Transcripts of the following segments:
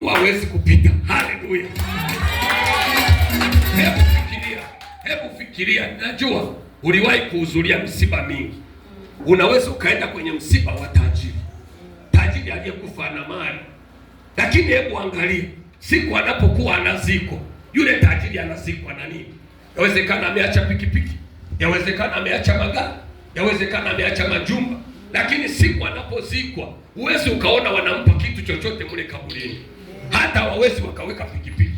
wawezi kupita. Haleluya! Hebu fikiria, hebu fikiria. Najua uliwahi kuhudhuria misiba mingi. Unaweza ukaenda kwenye msiba wa tajiri, tajiri aliyekufa na mali, lakini hebu angalia siku anapokuwa anazikwa, yule tajiri anazikwa na nini? Yawezekana ameacha pikipiki, yawezekana ameacha magari, yawezekana ameacha majumba, lakini siku anapozikwa huwezi ukaona wanampa kitu chochote mule kaburini hata hawawezi wakaweka pikipiki,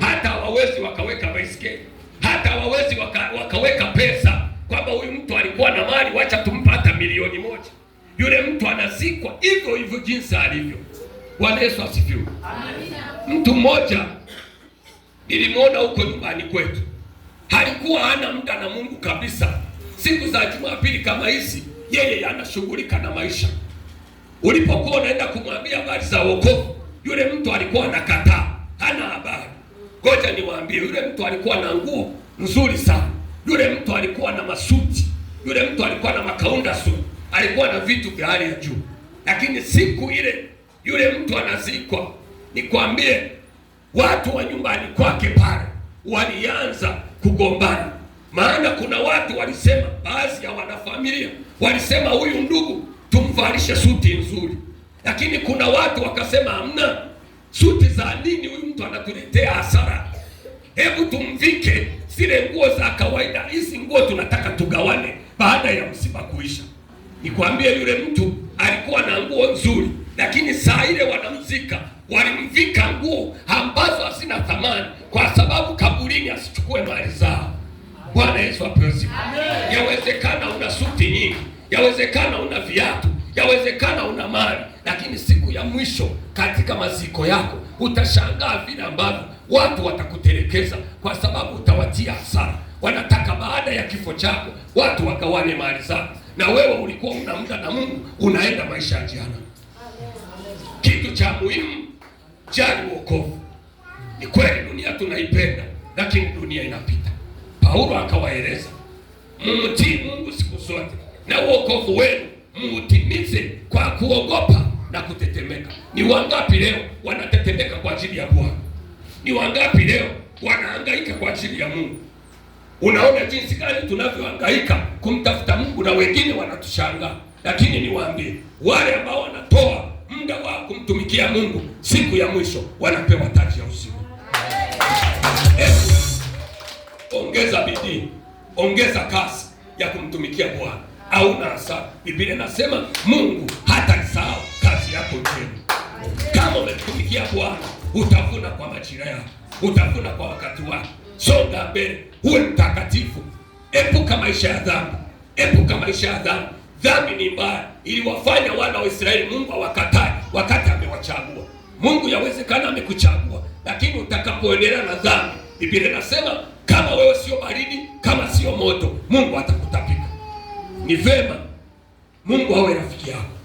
hata hawawezi wakaweka baisikeli, hata hawawezi waka, wakaweka pesa kwamba huyu mtu alikuwa na mali, wacha tumpa hata milioni moja. Yule mtu anazikwa hivyo hivyo jinsi alivyo. Bwana Yesu asifiwe. Mtu mmoja nilimwona huko nyumbani kwetu, halikuwa hana muda na Mungu kabisa. Siku za Jumapili kama hizi, yeye anashughulika na maisha. Ulipokuwa unaenda kumwambia habari za wokovu yule mtu alikuwa anakataa, hana habari. Ngoja niwaambie, yule mtu alikuwa na nguo nzuri sana, yule mtu alikuwa na masuti, yule mtu alikuwa na makaunda suti, alikuwa na vitu vya hali ya juu, lakini siku ile yule mtu anazikwa, nikwambie, watu wa nyumbani kwake pale walianza kugombana, maana kuna watu walisema, baadhi ya wanafamilia walisema, huyu ndugu tumvalishe suti nzuri lakini kuna watu wakasema hamna suti za nini, huyu mtu anatuletea hasara, hebu tumvike zile nguo za kawaida, hizi nguo tunataka tugawane baada ya msiba kuisha. Nikwambie, yule mtu alikuwa na nguo nzuri, lakini saa ile wanamzika walimvika nguo ambazo hazina thamani, kwa sababu kaburini asichukue mali zao. Bwana Yesu apewe sifa. Yawezekana una suti nyingi, yawezekana una viatu Yawezekana una mali, lakini siku ya mwisho katika maziko yako utashangaa vile ambavyo watu watakutelekeza, kwa sababu utawatia hasara. Wanataka baada ya kifo chako watu wagawane mali zako, na wewe ulikuwa una muda na Mungu, unaenda maisha ya jana. Kitu cha muhimu, jali wokovu. Ni kweli dunia tunaipenda, lakini dunia inapita. Paulo akawaeleza mumtii Mungu siku zote na wokovu wenu mutimize kwa kuogopa na kutetemeka. Ni wangapi leo wanatetemeka kwa ajili ya Bwana? Ni wangapi leo wanahangaika kwa ajili ya Mungu? Unaona jinsi gani tunavyohangaika kumtafuta Mungu na wengine wanatushangaa. Lakini niwaambie wale ambao wanatoa muda wa kumtumikia Mungu, siku ya mwisho wanapewa taji ya uzima. Ongeza bidii, ongeza kasi ya kumtumikia Bwana au na hasara. Biblia inasema Mungu hata hataisahau kazi yako njema. Kama umetumikia Bwana, utavuna kwa majira yako, utavuna kwa wakati wako. Songa mbele, huwe mtakatifu, epuka maisha ya dhambi, epuka maisha ya dhambi. Dhambi ni mbaya, iliwafanya wana wa Israeli Mungu awakatae wakati amewachagua. Mungu yawezekana amekuchagua, lakini utakapoendelea na dhambi, Biblia inasema kama wewe sio baridi, kama sio moto, Mungu atakuta Ni vema Mungu awe rafiki yako.